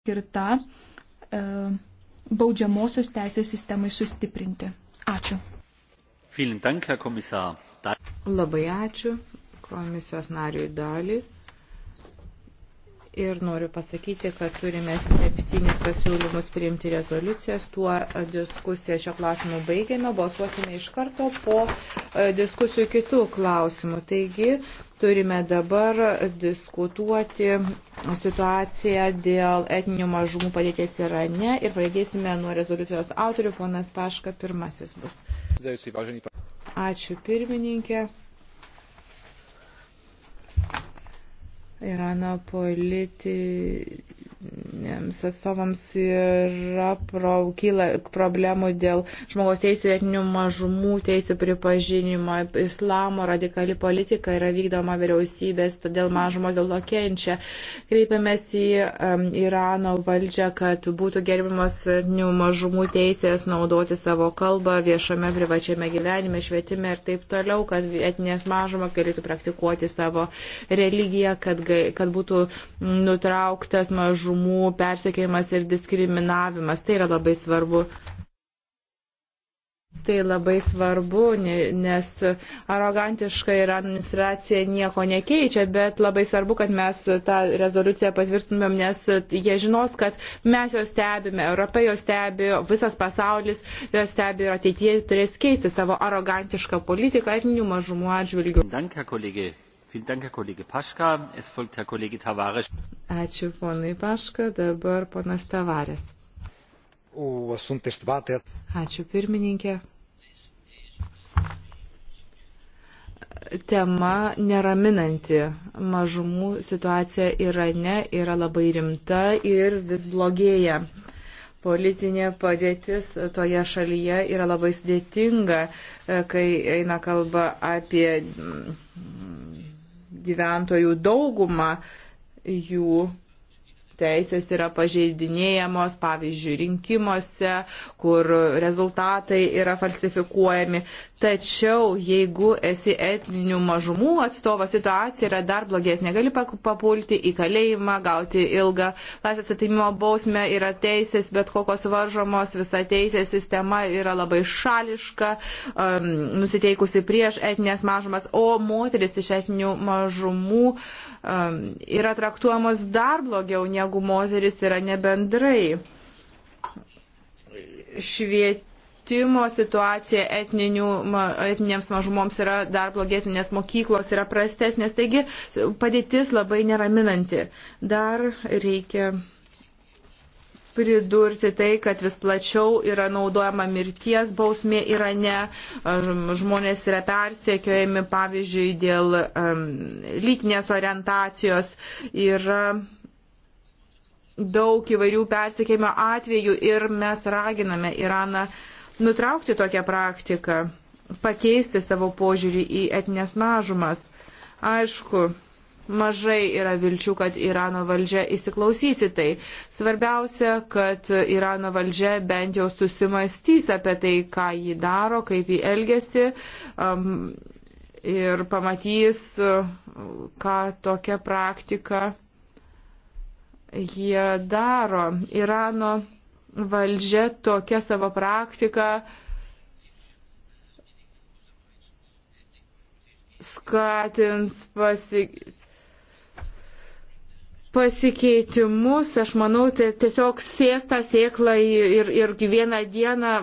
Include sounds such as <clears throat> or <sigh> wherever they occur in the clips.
skirta e, baudžiamosios teisės sistemai sustiprinti. Ačiū. Dank, Labai ačiū komisijos nariui dalį. Ir noriu pasakyti, kad turime septynis pasiūlymus priimti rezoliucijas. Tuo e, diskusiją šio klausimu baigėme. Balsuosime iš karto po e, diskusijų kitų klausimų. Taigi, turime dabar diskutuoti situaciją dėl etninių mažumų padėties Irane ir pradėsime nuo rezoliucijos autorių, ponas Paška pirmasis bus. Ačiū pirmininkė. Irano politi atstovams yra pro, kyla problemų dėl žmogaus teisų etinių mažumų teisų pripažinimo. Islamo radikali politika yra vykdoma vyriausybės, todėl mažumos dėl to kenčia. Kreipiamės į um, Irano valdžią, kad būtų gerbimas etinių mažumų teisės naudoti savo kalbą viešame, privačiame gyvenime, švietime ir taip toliau, kad etinės mažumas galėtų praktikuoti savo religiją, kad, kad būtų nutrauktas mažų mažumų persiekėjimas ir diskriminavimas. Tai yra labai svarbu. Tai labai svarbu, nes arogantiška ir administracija nieko nekeičia, bet labai svarbu, kad mes tą rezoliuciją patvirtumėm, nes jie žinos, kad mes jos stebime, Europa jos stebi, visas pasaulis jos stebi ir ateitie turės keisti savo arogantišką politiką etninių mažumų atžvilgių. Danke, kolegė. Vielen Dank, Herr Kollege Paschka. Es folgt Herr Kollege Tavares. Ačiū ponui Paška, dabar ponas Tavarės. Ačiū pirmininkė. tema neraminanti. Mažumų situacija Irane yra labai rimta ir vis blogėja. Politinė padėtis toje šalyje yra labai sudėtinga, e, kai eina kalba apie mm, gyventojų daugumą jų teisės yra pažeidinėjamos, pavyzdžiui, rinkimuose, kur rezultatai yra falsifikuojami. Tačiau jeigu esi etninių mažumų atstovas, situacija yra dar blogesnė. Gali papulti į kalėjimą, gauti ilgą laisvės atimimo bausmę, yra teisės, bet kokios varžomos, visa teisės sistema yra labai šališka, um, nusiteikusi prieš etinės mažumas, o moteris iš etninių mažumų um, yra traktuojamos dar blogiau negu negu moteris yra nebendrai. Švietimo situacija etninėms mažumoms yra dar blogesnė, nes mokyklos yra prastesnės, taigi padėtis labai neraminanti. Dar reikia pridurti tai, kad vis plačiau yra naudojama mirties bausmė Irane, žmonės yra persekiojami, pavyzdžiui, dėl um, lytinės orientacijos. Yra daug įvairių persikėjimo atvejų ir mes raginame Iraną nutraukti tokią praktiką, pakeisti savo požiūrį į etnės mažumas. Aišku, mažai yra vilčių, kad Irano valdžia įsiklausys į tai. Svarbiausia, kad Irano valdžia bent jau susimastys apie tai, ką ji daro, kaip ji elgesi um, ir pamatys, uh, ką tokia praktika jie daro. Irano valdžia tokia savo praktika skatins pasik pasikeitimus, aš manau, tai tiesiog sėsta sėkla ir, ir vieną dieną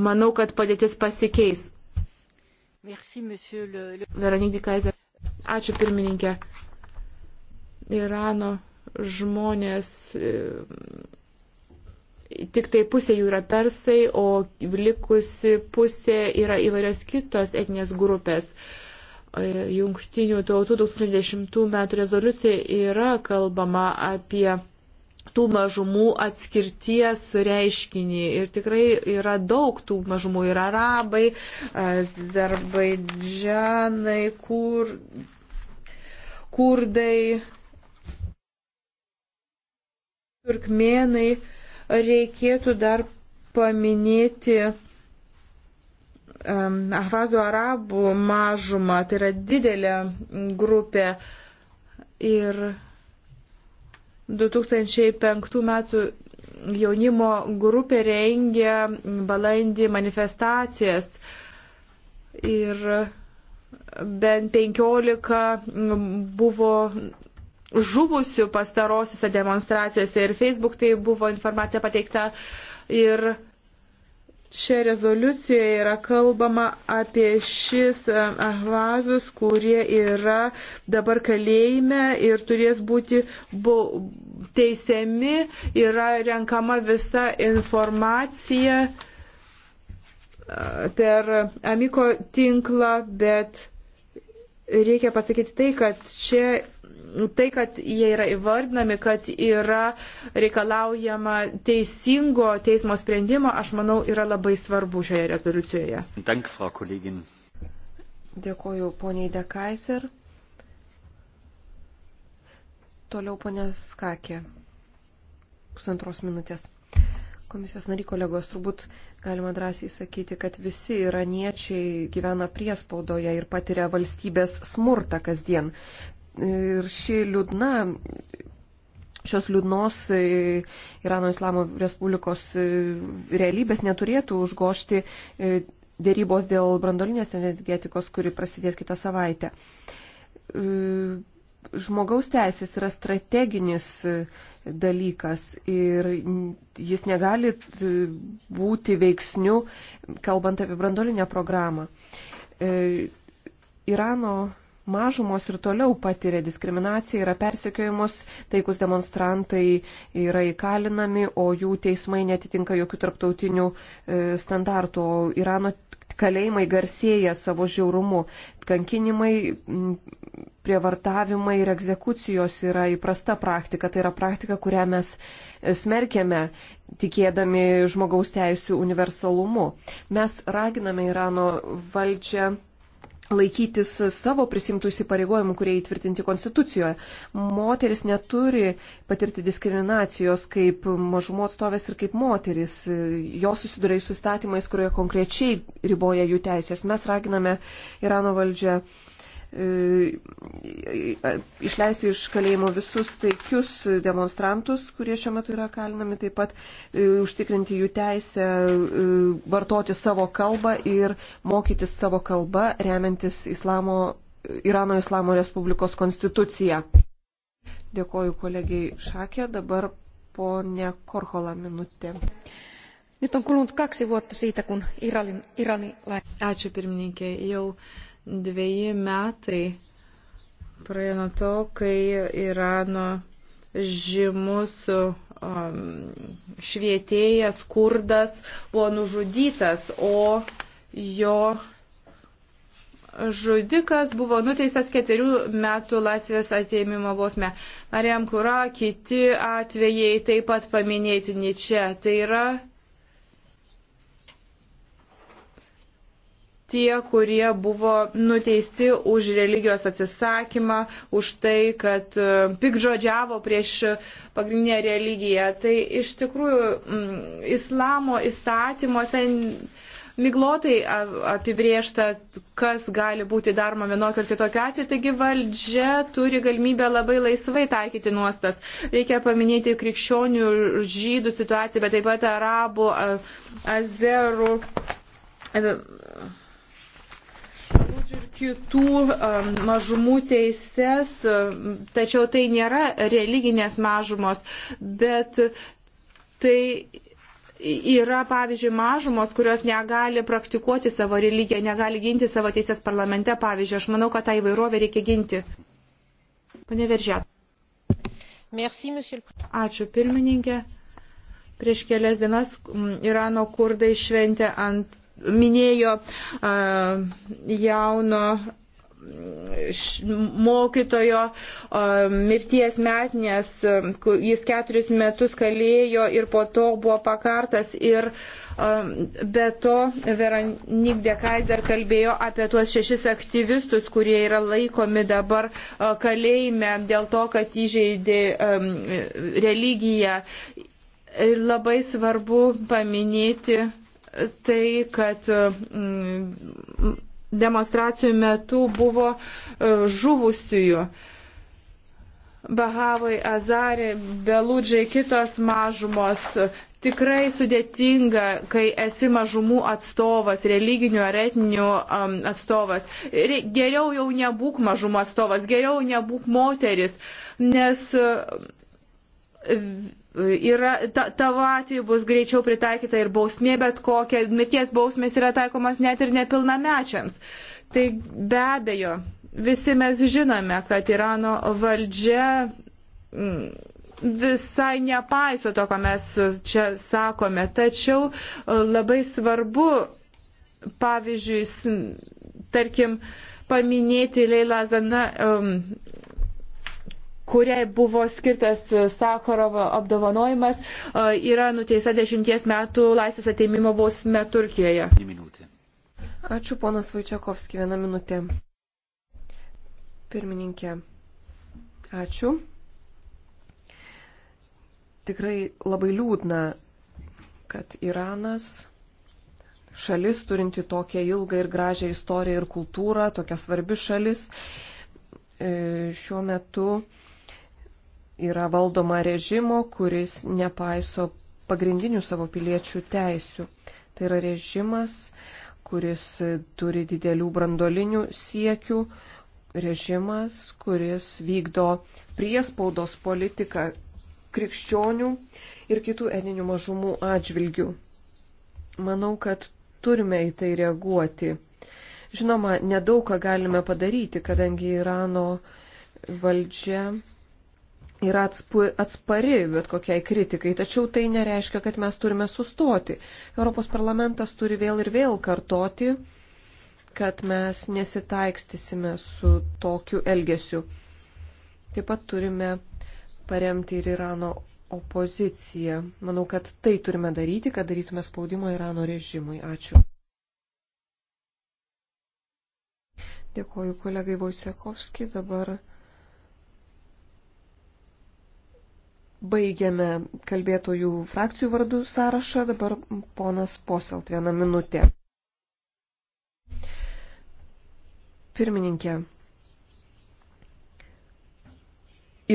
manau, kad padėtis pasikeis. Merci, le... Veronik Dikaiser. Ačiū pirmininkė. Irano žmonės, e, tik tai pusė jų yra persai, o likusi pusė yra įvairios kitos etinės grupės. E, jungtinių tautų 2010 metų rezoliucija yra kalbama apie tų mažumų atskirties reiškinį. Ir tikrai yra daug tų mažumų. Yra arabai, azerbaidžianai, kur, kurdai, Turkmenai reikėtų dar paminėti um, Ahvazų arabų mažumą, tai yra didelė grupė ir 2005 metų jaunimo grupė rengia balandį manifestacijas ir bent 15 buvo žuvusių pastarosiuose demonstracijose ir Facebook tai buvo informacija pateikta ir čia rezoliucijoje yra kalbama apie šis e, ahvazus, kurie yra dabar kalėjime ir turės būti bu, teisiami, yra renkama visa informacija e, per Amiko tinklą, bet reikia pasakyti tai, kad čia tai, kad jie yra įvardinami, kad yra reikalaujama teisingo teismo sprendimo, aš manau, yra labai svarbu šioje rezoliucijoje. Dank, Dėkuoju poniai Dekaiser. Toliau ponė Skakė. Pusantros minutės. Komisijos nariai kolegos, turbūt galima drąsiai sakyti, kad visi iraniečiai gyvena priespaudoje ir patiria valstybės smurtą kasdien. Ir ši liūdna, šios liūdnos e, Irano Islamo Respublikos e, realybės neturėtų užgošti e, dėrybos dėl brandolinės energetikos, kuri prasidės kitą savaitę. Žmogaus teisės yra strateginis dalykas ir jis negali būti veiksniu, kalbant apie brandolinę programą. Irano mažumos ir toliau patiria diskriminaciją, yra persekiojamos, taikus demonstrantai yra įkalinami, o jų teismai netitinka jokių tarptautinių e, standartų. Irano kalėjimai garsėja savo žiaurumu. Kankinimai, prievartavimai ir egzekucijos yra įprasta praktika. Tai yra praktika, kurią mes e, smerkėme, tikėdami žmogaus teisų universalumu. Mes raginame Irano valdžią laikytis savo prisimtų įsipareigojimų, kurie įtvirtinti Konstitucijoje. Moteris neturi patirti diskriminacijos kaip mažumo atstovės ir kaip moteris. Jos susiduria su įstatymais, kurie konkrečiai riboja jų teisės. Mes raginame Irano valdžią E, išleisti iš kalėjimo visus taikius demonstrantus, kurie šiuo metu yra kalinami, taip pat e, užtikrinti jų teisę e, vartoti savo kalbą ir mokytis savo kalbą, remiantis Islamo, Irano Islamo Respublikos konstituciją. Dėkoju kolegiai Šakė, dabar ponė Korhola minutė. Nyt on kulunut kaksi vuotta siitä, kun Iranin, Irani... Ačiū pirmininkė, jau Dveji metai praėjo nuo to, kai Irano žymus um, švietėjas kurdas buvo nužudytas, o jo žudikas buvo nuteistas ketverių metų laisvės atėmimo bausme. Mariam Kura, kiti atvejai taip pat paminėtini čia. Tai yra tie, kurie buvo nuteisti už religijos atsisakymą, už tai, kad e, pikžodžiavo prieš pagrindinę religiją. Tai iš tikrųjų mm, islamo įstatymuose miglotai apibriešta, kas gali būti daroma vienokio ir kitokio atveju, taigi valdžia turi galimybę labai laisvai taikyti nuostas. Reikia paminėti krikščionių ir žydų situaciją, bet taip pat arabų, azerų kitų um, mažumų teises, um, tačiau tai nėra religinės mažumos, bet tai yra, pavyzdžiui, mažumos, kurios negali praktikuoti savo religiją, negali ginti savo teisės parlamente, pavyzdžiui. Aš manau, kad tą įvairovę reikia ginti. Pane Veržė. Ačiū, pirmininkė. Prieš kelias dienas mm, Irano kurdai šventė ant minėjo jauno mokytojo mirties metinės, jis keturis metus kalėjo ir po to buvo pakartas ir be to Veronik de Kaiser kalbėjo apie tuos šešis aktyvistus, kurie yra laikomi dabar kalėjime dėl to, kad įžeidė religiją. Ir labai svarbu paminėti tai, kad mm, demonstracijų metu buvo e, žuvusiųjų. Bahavai, Azari, Beludžiai, kitos mažumos. Tikrai sudėtinga, kai esi mažumų atstovas, religinių ar etninių um, atstovas. Re, geriau jau nebūk mažumų atstovas, geriau nebūk moteris, nes uh, yra, ta, tavo atveju bus greičiau pritaikyta ir bausmė, bet kokia mirties bausmės yra taikomas net ir nepilnamečiams. Tai be abejo, visi mes žinome, kad Irano valdžia mm, visai nepaiso to, ką mes čia sakome, tačiau e, labai svarbu, pavyzdžiui, tarkim, paminėti Leila Zana um, kuriai buvo skirtas Sakarovo apdovanojimas, e, yra nuteista dešimties metų laisvės ateimimo bausme Turkijoje. Ačiū ponas Vaičiakovski, vieną minutę. Pirmininkė, ačiū. Tikrai labai liūdna, kad Iranas, šalis turinti tokią ilgą ir gražią istoriją ir kultūrą, tokia svarbi šalis, e, šiuo metu yra valdoma režimo, kuris nepaiso pagrindinių savo piliečių teisių. Tai yra režimas, kuris turi didelių brandolinių siekių, režimas, kuris vykdo priespaudos politiką krikščionių ir kitų etninių mažumų atžvilgių. Manau, kad turime į tai reaguoti. Žinoma, nedaug ką galime padaryti, kadangi Irano valdžia yra atspari bet kokiai kritikai, tačiau tai nereiškia, kad mes turime sustoti. Europos parlamentas turi vėl ir vėl kartoti, kad mes nesitaikstysime su tokiu elgesiu. Taip pat turime paremti ir Irano opoziciją. Manau, kad tai turime daryti, kad darytume spaudimą Irano režimui. Ačiū. Dėkoju kolegai Vojsekovskijai. Dabar Baigiame kalbėtojų frakcijų vardų sąrašą. Dabar ponas Poselt vieną minutę. Pirmininkė.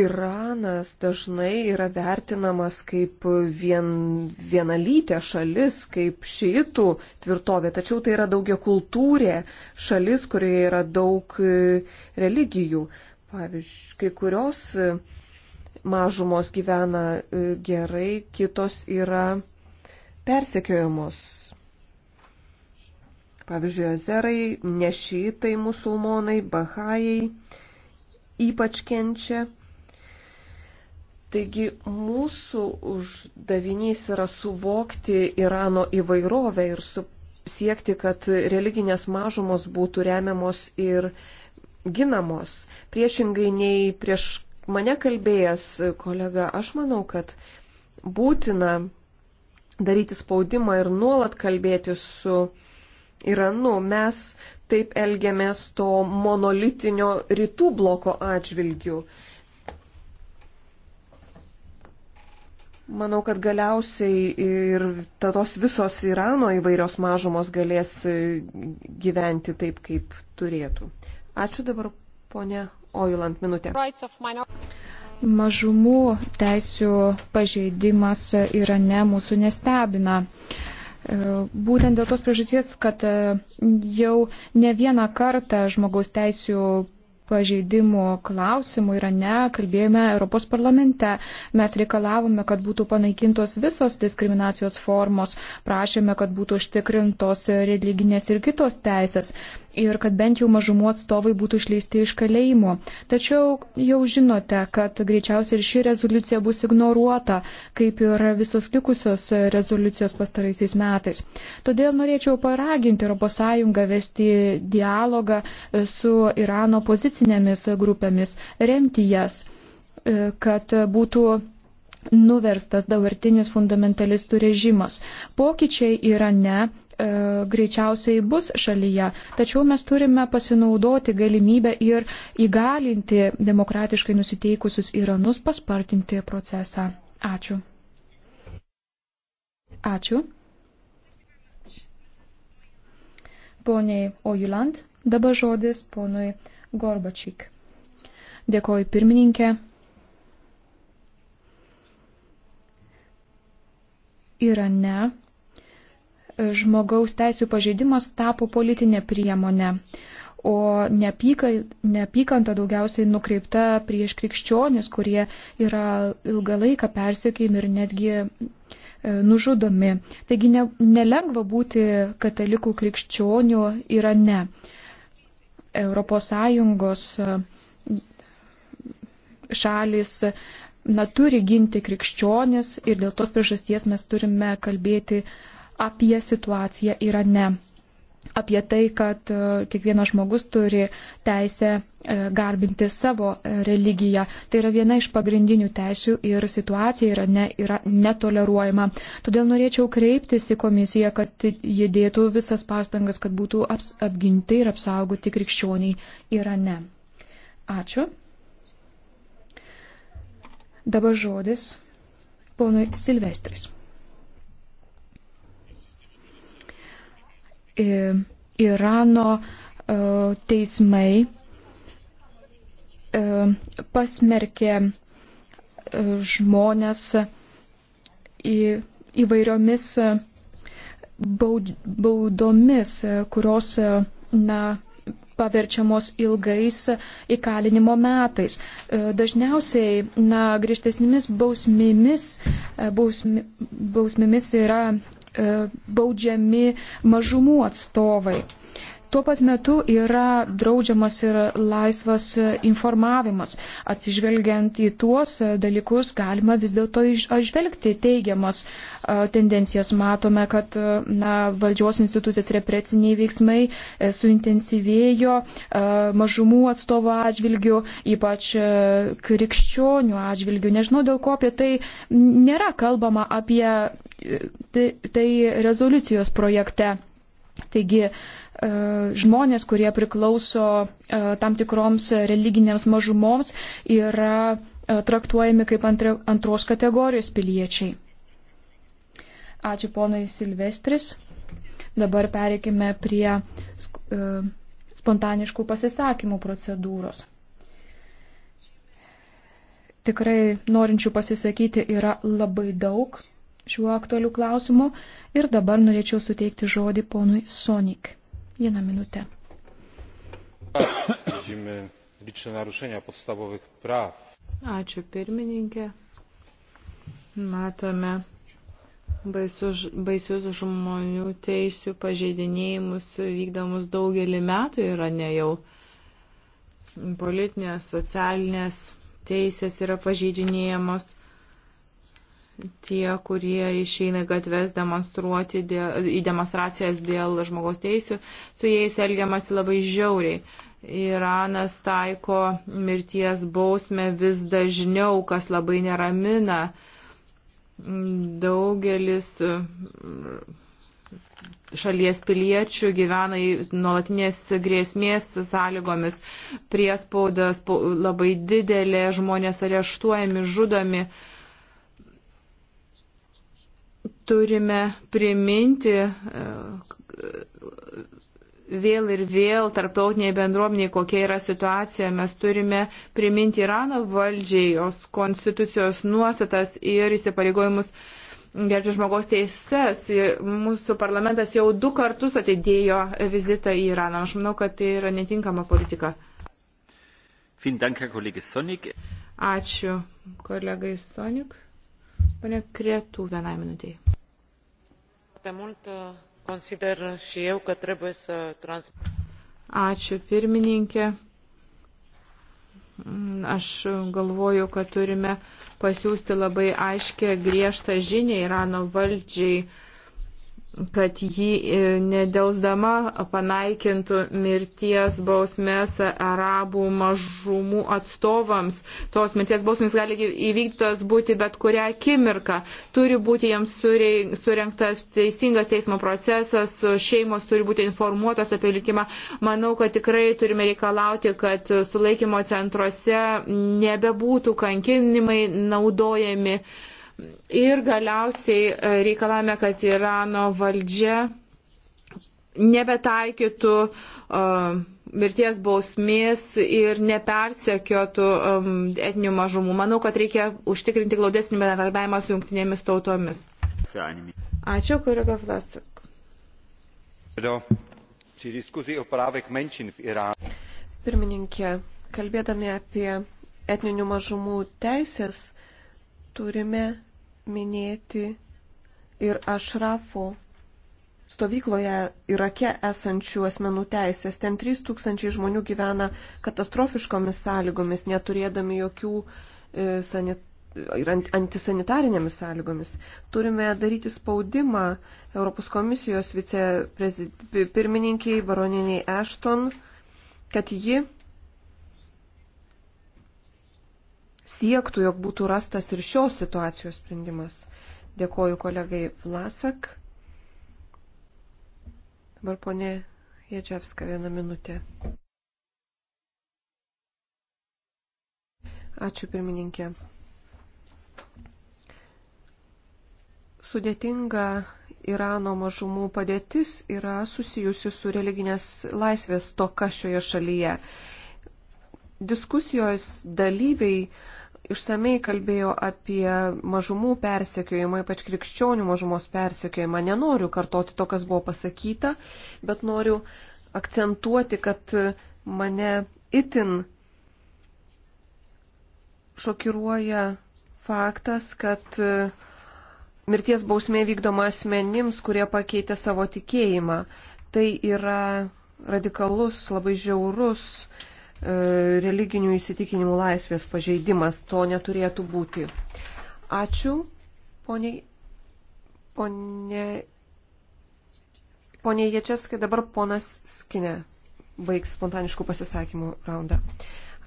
Iranas dažnai yra vertinamas kaip vien, vienalytė šalis, kaip šiitų tvirtovė, tačiau tai yra daugia kultūrė šalis, kurioje yra daug religijų. Pavyzdžiui, kai kurios mažumos gyvena e, gerai, kitos yra persekiojamos. Pavyzdžiui, azerai, nešitai, musulmonai, bahajai ypač kenčia. Taigi mūsų uždavinys yra suvokti Irano įvairovę ir su, siekti, kad religinės mažumos būtų remiamos ir ginamos. Priešingai nei prieš mane kalbėjęs kolega, aš manau, kad būtina daryti spaudimą ir nuolat kalbėti su Iranu. Mes taip elgiamės to monolitinio rytų bloko atžvilgių. Manau, kad galiausiai ir tos visos Irano įvairios mažumos galės gyventi taip, kaip turėtų. Ačiū dabar, ponė Ojuland minutė. Mažumų teisių pažeidimas Irane mūsų nestebina. E, būtent dėl tos priežasties, kad e, jau ne vieną kartą žmogaus teisų pažeidimų klausimų Irane kalbėjome Europos parlamente. Mes reikalavome, kad būtų panaikintos visos diskriminacijos formos, prašėme, kad būtų užtikrintos religinės ir kitos teisės ir kad bent jau mažumų atstovai būtų išleisti iš kalėjimo. Tačiau jau žinote, kad greičiausiai ir ši rezoliucija bus ignoruota, kaip ir visos likusios rezoliucijos pastaraisiais metais. Todėl norėčiau paraginti ES vesti dialogą su Irano pozicinėmis grupėmis, remti jas, kad būtų nuverstas dabartinis fundamentalistų režimas. Pokyčiai Irane E, greičiausiai bus šalyje. Tačiau mes turime pasinaudoti galimybę ir įgalinti demokratiškai nusiteikusius Iranus paspartinti procesą. Ačiū. Ačiū. Poniai Ojuland, dabar žodis ponui Gorbačyk. Dėkoju pirmininkė. Irane žmogaus teisų pažeidimas tapo politinė priemonė, o neapyka, neapykanta daugiausiai nukreipta prieš krikščionis, kurie yra ilgą laiką persiekėjami ir netgi e, nužudomi. Taigi ne, nelengva būti katalikų krikščionių yra ne. ES e, šalis na, turi ginti krikščionis ir dėl tos priežasties mes turime kalbėti uh, apie situaciją Irane. Apie tai, kad e, kiekvienas žmogus turi teisę e, garbinti savo religiją. Tai yra viena iš pagrindinių teisių ir situacija yra, ne, yra netoleruojama. Todėl norėčiau kreiptis į komisiją, kad jie dėtų visas pastangas, kad būtų aps, apginti ir apsaugoti krikščioniai Irane. Ačiū. Dabar žodis ponui Silvestris. Irano e, teismai e, pasmerkė e, žmonės į, įvairiomis baud, baudomis, kurios na, paverčiamos ilgais įkalinimo metais. Dažniausiai na, griežtesnėmis bausmėmis, bausmi, bausmėmis yra E, baudžiami mažumų atstovai. Tuo pat metu yra draudžiamas ir laisvas informavimas. Atsižvelgiant į tuos dalykus, galima vis dėlto išvelgti teigiamas tendencijas. Matome, kad na, valdžios institucijas represiniai veiksmai e, suintensyvėjo mažumų atstovų atžvilgių, ypač e, krikščionių atžvilgių. Nežinau, dėl ko apie tai nėra kalbama apie e, tai, tai rezoliucijos projekte. Taigi, E, žmonės, kurie priklauso e, tam tikroms religinėms mažumoms, yra e, traktuojami kaip antros kategorijos piliečiai. Ačiū ponai Silvestris. Dabar pereikime prie spontaniškų pasisakymų procedūros. Tikrai norinčių pasisakyti yra labai daug šiuo aktualiu klausimu ir dabar norėčiau suteikti žodį ponui Sonik. Vieną minutę. Žymė lične narušenia podstavowych praw. Ačiū pirmininkė. Matome baisus, baisius žmonių teisių pažeidinėjimus vykdomus daugelį metų yra ne jau. Politinės, socialinės teisės yra pažeidinėjamos tie, kurie išeina gatves demonstruoti dėl, į demonstracijas dėl žmogaus teisų, su jais elgiamasi labai žiauriai. Iranas taiko mirties bausmę vis dažniau, kas labai neramina. Daugelis mm, šalies piliečių gyvena į nuolatinės grėsmės sąlygomis, priespaudas labai didelė, žmonės areštuojami, žudomi. Uh, turime priminti e, vėl ir vėl tarptautiniai bendruomeniai, kokia yra situacija. Mes turime priminti Irano valdžiai, jos konstitucijos nuostatas ir įsipareigojimus gerbti žmogaus teises. Mūsų parlamentas jau du kartus atidėjo vizitą į Iraną. Aš manau, kad tai yra netinkama politika. Dank, Ačiū kolegai Sonik. Pane Kretų, vienai minutėjai. Uh, consider și eu că trebuie să trans... Ačiū pirmininkė. Mm, aš galvoju, kad turime pasiūsti labai aiškę griežtą žinę Irano valdžiai kad ji e, nedelsdama panaikintų mirties bausmės arabų mažumų atstovams. Tos mirties bausmės gali įvykdytos būti bet kurią akimirką. Turi būti jiems surinktas teisingas teismo procesas, šeimos turi būti informuotos apie likimą. Manau, kad tikrai turime reikalauti, kad sulaikymo centruose nebebūtų kankinimai naudojami. Uh, Ir galiausiai e, reikalavome, kad Irano valdžia nebetaikytų uh, mirties bausmės ir nepersekiotų um, etninių mažumų. Manau, kad reikia užtikrinti glaudesnį bendradarbiavimą su jungtinėmis tautomis. Ačiū, kolega Vlasik. Pirmininkė, kalbėdami apie etninių mažumų teisės, turime minėti ir Ašrafo stovykloje Irake esančių asmenų teisės. Ten 3000 žmonių gyvena katastrofiškomis sąlygomis, neturėdami jokių e, sanitarijų ir antisanitarinėmis sąlygomis. Turime daryti spaudimą Europos komisijos vicepirmininkiai baroniniai Ashton, kad ji siektų, jog būtų rastas ir šios situacijos sprendimas. Dėkoju kolegai Vlasak. Dabar ponė Jėčiavska vieną minutę. Ačiū pirmininkė. Sudėtinga Irano mažumų padėtis yra susijusi su religinės laisvės toka šioje šalyje. Diskusijos dalyviai išsamei kalbėjo apie mažumų persekiojimą, ypač krikščionių mažumos persekiojimą. Nenoriu kartoti to, kas buvo pasakyta, bet noriu akcentuoti, kad mane itin šokiruoja faktas, kad mirties bausmė vykdoma asmenims, kurie pakeitė savo tikėjimą. Tai yra radikalus, labai žiaurus E, religinių įsitikinimų laisvės pažeidimas. To neturėtų būti. Ačiū, poniai. Ponė. Pone Ječevskai, dabar ponas Skinė baigs spontaniškų pasisakymų raundą.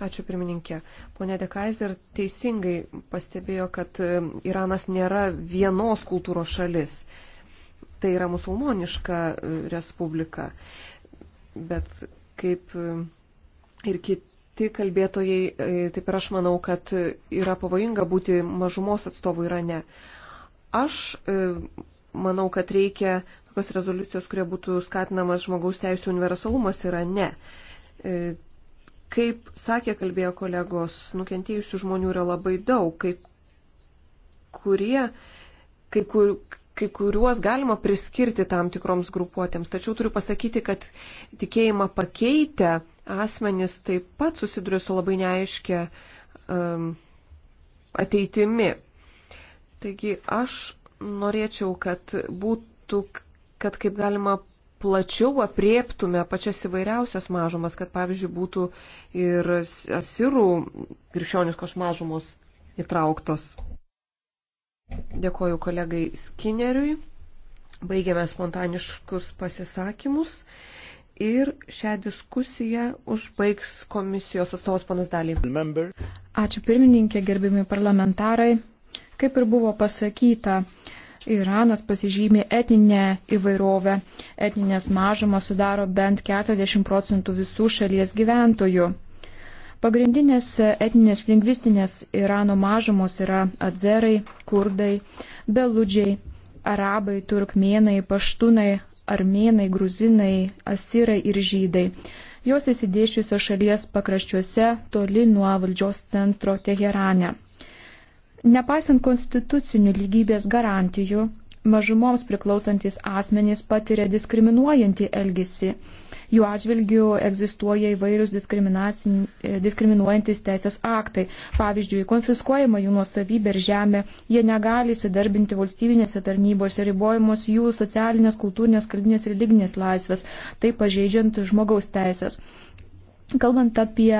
Ačiū pirmininkė. Pone De Kaiser teisingai pastebėjo, kad e, Iranas nėra vienos kultūros šalis. Tai yra musulmoniška e, respublika. Bet kaip ir kiti kalbėtojai, e, taip ir aš manau, kad yra pavojinga būti mažumos atstovu Irane. Aš e, manau, kad reikia tokios rezoliucijos, kurie būtų skatinamas žmogaus teisų universalumas Irane. E, kaip sakė kalbėjo kolegos, nukentėjusių žmonių yra labai daug, kai kurie, kai kur, kai kuriuos galima priskirti tam tikroms grupuotėms. Tačiau turiu pasakyti, kad tikėjimą pakeitę asmenys taip pat susiduria su labai neaiškia um, ateitimi. Taigi aš norėčiau, kad būtų, kad kaip galima plačiau apriektume pačias įvairiausias mažumas, kad pavyzdžiui būtų ir asirų krikščioniškos mažumos įtrauktos. Dėkoju kolegai Skinneriui. Baigėme spontaniškus pasisakymus ir šią diskusiją užbaigs komisijos atstovas panas Dalį. Ačiū pirmininkė, gerbimi parlamentarai. Kaip ir buvo pasakyta, Iranas pasižymė etinę įvairovę. Etinės mažumos sudaro bent 40 procentų visų šalies gyventojų. Pagrindinės etninės lingvistinės Irano mažumos yra adzerai, kurdai, beludžiai, arabai, turkmėnai, paštūnai, armėnai, gruzinai, asirai ir žydai. Jos įsidėšiusios šalies pakraščiuose toli nuo valdžios centro Teherane. Nepaisant konstitucinių lygybės garantijų, mažumoms priklausantis asmenys patiria diskriminuojantį elgesį jų atžvilgių egzistuoja įvairius e, diskriminuojantis teisės aktai. Pavyzdžiui, konfiskuojama jų nuosavybė ir žemė, jie negali įsidarbinti valstybinėse tarnybose, ribojamos jų socialinės, kultūrinės, kalbinės ir lyginės laisvės, tai pažeidžiant žmogaus teisės. Kalbant apie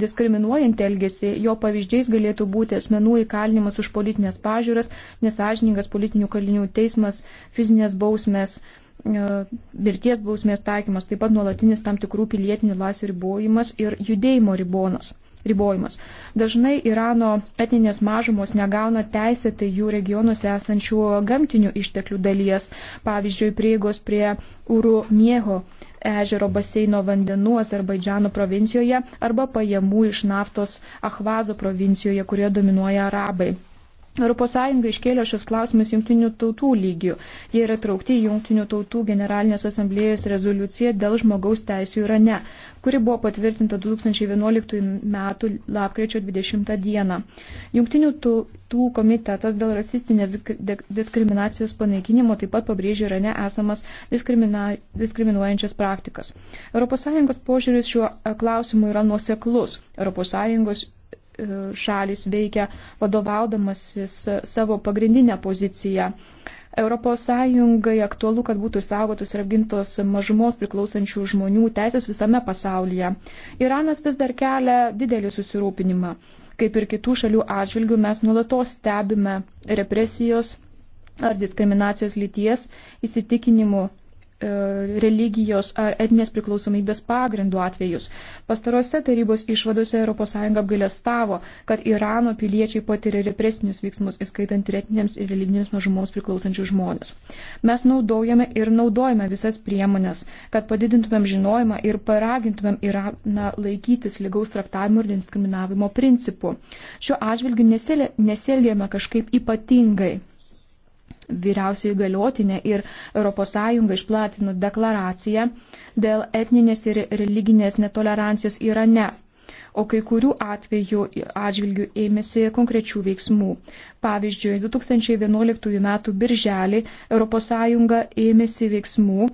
diskriminuojantį elgesį, jo pavyzdžiais galėtų būti asmenų įkalinimas už politinės pažiūras, nesažiningas politinių kalinių teismas, fizinės bausmės, E, mirties bausmės taikymas, taip pat nuolatinis tam tikrų pilietinių laisvių ribojimas ir judėjimo ribonas. Ribojimas. Dažnai Irano etninės mažumos negauna teisėtai jų regionuose esančių gamtinių išteklių dalies, pavyzdžiui, prieigos prie Uru Niego ežero baseino vandenų Azerbaidžiano provincijoje arba pajamų iš naftos Ahvazo provincijoje, kurioje dominuoja arabai. ES iškėlė šios klausimus jungtinių tautų lygių. Jie yra traukti į jungtinių tautų generalinės asamblėjos rezoliuciją dėl žmogaus teisų Irane, kuri buvo patvirtinta 2011 m. lapkričio 20 d. Jungtinių tautų komitetas dėl rasistinės diskriminacijos panaikinimo taip pat pabrėžė Irane esamas diskriminuojančias praktikas. ES požiūris šiuo e, klausimu yra nuoseklus. ES E, šalis veikia vadovaudamasis savo pagrindinę poziciją. ES aktualu, kad būtų saugotos ir apgintos mažumos priklausančių žmonių teisės visame pasaulyje. Iranas vis dar kelia didelį susirūpinimą. Kaip ir kitų šalių atžvilgių mes nulatos stebime represijos ar diskriminacijos lyties įsitikinimu E, religijos ar etinės priklausomybės pagrindų atvejus. Pastarose tarybos išvadose ES apgailestavo, kad Irano piliečiai patiria represinius veiksmus, įskaitant ir etinėms ir religinėms mažumoms priklausančius žmonės. Mes naudojame ir naudojame visas priemonės, kad padidintumėm žinojimą ir paragintumėm Iraną laikytis lygaus traktavimo ir diskriminavimo principų. Šiuo atžvilgiu nesielgėme kažkaip ypatingai vyriausiųjų galiotinė ir ES išplatino deklaraciją dėl etninės ir religinės netolerancijos Irane o kai kurių atvejų atžvilgių ėmėsi konkrečių veiksmų. Pavyzdžiui, 2011 m. birželį ES ėmėsi veiksmų,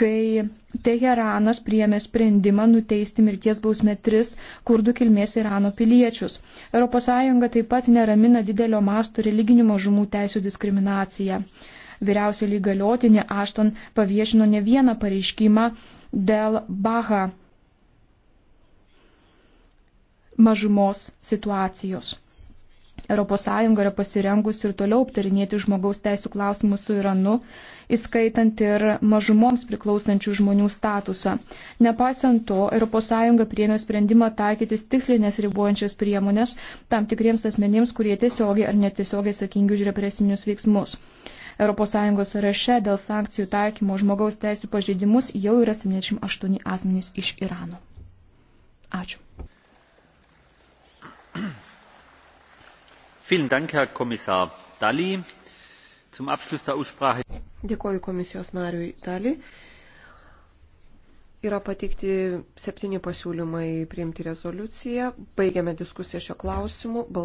kai Teheranas priėmė sprendimą nuteisti mirties bausmę tris kurdų kilmės Irano piliečius. ES taip pat neramina didelio masto religinių mažumų teisų diskriminaciją. Vyriausio lygaliotinė Ašton paviešino ne vieną pareiškimą dėl Baha mažumos situacijos. ES yra pasirengusi ir toliau aptarinėti žmogaus teisų klausimus su Iranu, įskaitant ir mažumoms priklausančių žmonių statusą. Nepaisant to, ES priemė sprendimą taikytis tikslinės ribojančias priemonės tam tikriems asmenims, kurie tiesiogiai ar netiesiogiai sakingi už represinius veiksmus. ES sąraše dėl sankcijų taikymo žmogaus teisų pažeidimus jau yra 78 asmenys iš Irano. Ačiū. <clears throat> Vielen Dank, Herr Kommissar Dali. Zum Abschluss der Aussprache. Dėkoju komisijos nariui Dali. Yra pateikti septyni pasiūlymai priimti rezoliuciją. Baigiame diskusiją šio klausimu. Bals